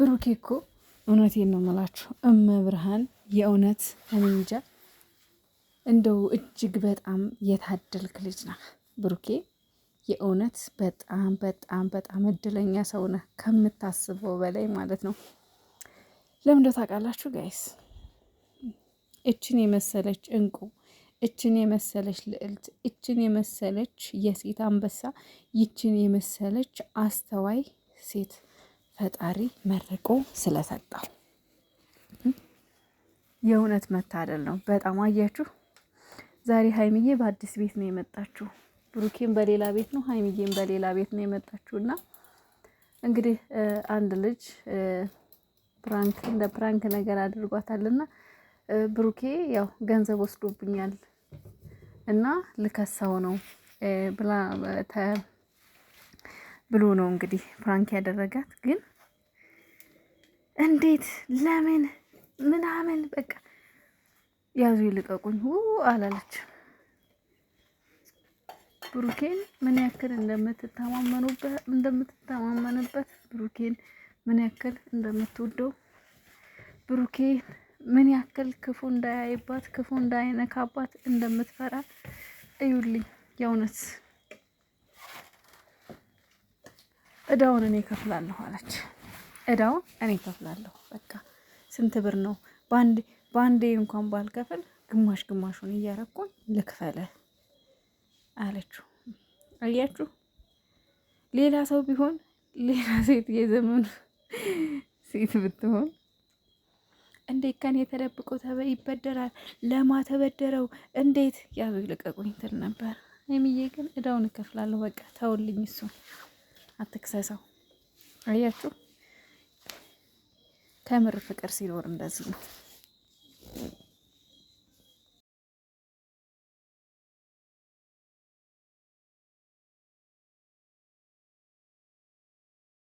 ብሩኬ እኮ እውነቴን ነው የምላችሁ፣ እመብርሃን የእውነት እኔ እንጃ እንደው እጅግ በጣም የታደልክ ልጅ ነህ ብሩኬ። የእውነት በጣም በጣም በጣም እድለኛ ሰው ነህ ከምታስበው በላይ ማለት ነው። ለምንደው ታውቃላችሁ ጋይስ፣ እችን የመሰለች እንቁ፣ እችን የመሰለች ልዕልት፣ እችን የመሰለች የሴት አንበሳ፣ ይችን የመሰለች አስተዋይ ሴት ፈጣሪ መርቆ ስለሰጠው የእውነት መታደል ነው። በጣም አያችሁ፣ ዛሬ ሀይሚዬ በአዲስ ቤት ነው የመጣችሁ። ብሩኬም በሌላ ቤት ነው፣ ሀይሚዬም በሌላ ቤት ነው የመጣችሁ እና እንግዲህ አንድ ልጅ ፕራንክ እንደ ፕራንክ ነገር አድርጓታልና ብሩኬ ያው ገንዘብ ወስዶብኛል እና ልከሳው ነው ብሎ ነው እንግዲህ ፕራንክ ያደረጋት ግን እንዴት ለምን ምናምን በቃ ያዙ ይልቀቁኝ አላለች። ብሩኬን ምን ያክል እንደምትተማመንበት ብሩኬን ምን ያክል እንደምትወደው ብሩኬን ምን ያክል ክፉ እንዳያይባት ክፉ እንዳይነካባት እንደምትፈራ እዩልኝ። የእውነት እዳውን እኔ እከፍላለሁ አለች። እዳውን እኔ ከፍላለሁ። በቃ ስንት ብር ነው? በአንዴ እንኳን ባልከፍል ግማሽ ግማሹን እያረኩኝ ልክፈለ አለችው። አያችሁ፣ ሌላ ሰው ቢሆን ሌላ ሴት የዘመኑ ሴት ብትሆን እንዴት ከኔ ተደብቆ ይበደራል? ለማ ተበደረው እንዴት ያዙ ይልቀቁኝ ትል ነበር። የሚዬ ግን እዳውን እከፍላለሁ በቃ ተውልኝ፣ እሱን አትክሰሰው። አያችሁ ከምር ፍቅር ሲኖር እንደዚህ ነው።